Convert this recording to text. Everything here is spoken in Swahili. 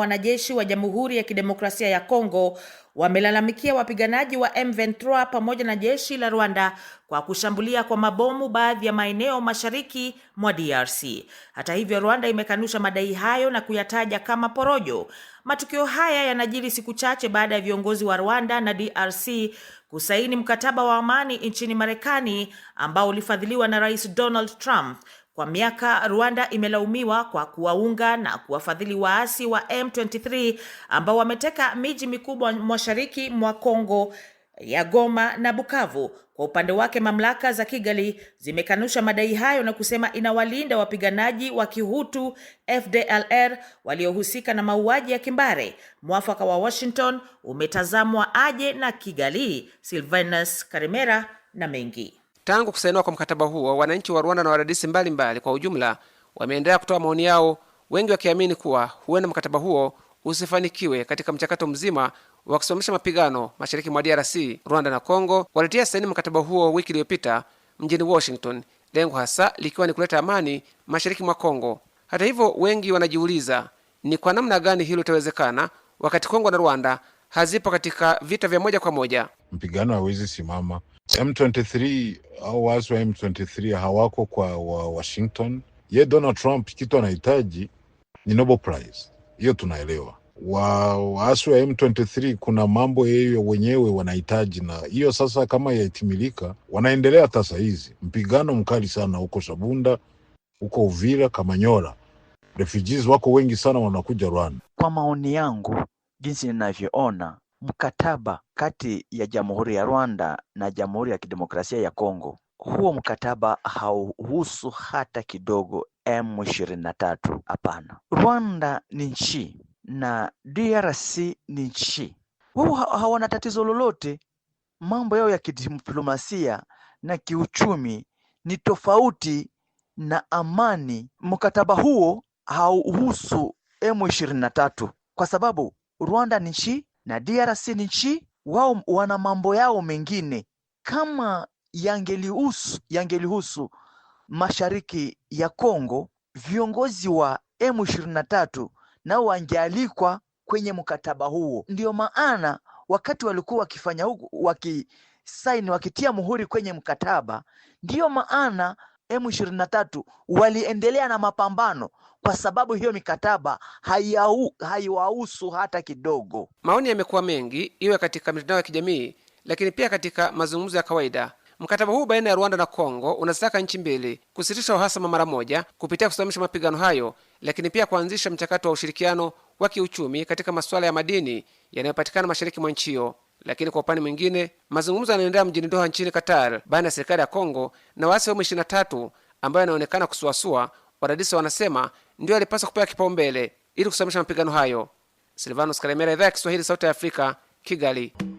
wanajeshi wa Jamhuri ya Kidemokrasia ya Kongo wamelalamikia wapiganaji wa M23 pamoja na jeshi la Rwanda kwa kushambulia kwa mabomu baadhi ya maeneo mashariki mwa DRC. Hata hivyo, Rwanda imekanusha madai hayo na kuyataja kama porojo. Matukio haya yanajiri siku chache baada ya viongozi wa Rwanda na DRC kusaini mkataba wa amani nchini Marekani ambao ulifadhiliwa na Rais Donald Trump kwa miaka Rwanda imelaumiwa kwa kuwaunga na kuwafadhili waasi wa M23 ambao wameteka miji mikubwa mashariki mwa Kongo ya Goma na Bukavu. Kwa upande wake, mamlaka za Kigali zimekanusha madai hayo na kusema inawalinda wapiganaji wa Kihutu FDLR waliohusika na mauaji ya kimbare Mwafaka wa Washington umetazamwa aje na Kigali? Silvanus Karimera na mengi Tangu kusainiwa kwa mkataba huo, wananchi wa Rwanda na wadadisi mbalimbali kwa ujumla wameendelea kutoa maoni yao, wengi wakiamini kuwa huenda mkataba huo usifanikiwe katika mchakato mzima wa kusimamisha mapigano mashariki mwa DRC. Rwanda na congo walitia saini mkataba huo wiki iliyopita mjini Washington, lengo hasa likiwa ni kuleta amani mashariki mwa congo Hata hivyo, wengi wanajiuliza ni kwa namna gani hilo litawezekana wakati Kongo na Rwanda hazipo katika vita vya moja kwa moja mpigano hawezi simama. M23 au waasi wa M23 hawako kwa wa Washington. Ye Donald Trump kitu anahitaji ni Nobel Prize, hiyo tunaelewa. Wa waasi wa M23 kuna mambo yeyo wenyewe wanahitaji, na hiyo sasa kama yaitimilika, wanaendelea sasa hizi mpigano mkali sana huko Shabunda, huko Uvira, Kamanyola. Refugees wako wengi sana wanakuja Rwanda. Kwa maoni yangu, jinsi ninavyoona mkataba kati ya Jamhuri ya Rwanda na Jamhuri ya Kidemokrasia ya Kongo. Huo mkataba hauhusu hata kidogo M23, hapana. Rwanda ni nchi na DRC ni nchi, wao hawana tatizo lolote. Mambo yao ya kidiplomasia na kiuchumi ni tofauti na amani. Mkataba huo hauhusu M23 kwa sababu Rwanda ni nchi na DRC ni nchi wao, wana mambo yao mengine. Kama yangelihusu yangelihusu mashariki ya Kongo, viongozi wa M23 nao wangealikwa kwenye mkataba huo. Ndiyo maana wakati walikuwa wakifanya huku wakisaini, wakitia muhuri kwenye mkataba, ndiyo maana M23 waliendelea na mapambano kwa sababu hiyo mikataba haiwahusu hata kidogo. Maoni yamekuwa mengi, iwe katika mitandao ya kijamii, lakini pia katika mazungumzo ya kawaida. Mkataba huu baina ya Rwanda na Kongo unazitaka nchi mbili kusitisha uhasama mara moja kupitia kusimamisha mapigano hayo, lakini pia kuanzisha mchakato wa ushirikiano wa kiuchumi katika masuala ya madini yanayopatikana mashariki mwa nchi hiyo. Lakini kwa upande mwingine, mazungumzo yanaendelea mjini Doha nchini Qatar baina ya serikali ya Kongo na waasi wa M23 ambayo yanaonekana kusuasua. Wadadisi wanasema ndio yalipaswa kupewa kipaumbele ili kusababisha mapigano hayo. Silvanos Karemera, idhaa ya Kiswahili, Sauti ya Afrika, Kigali.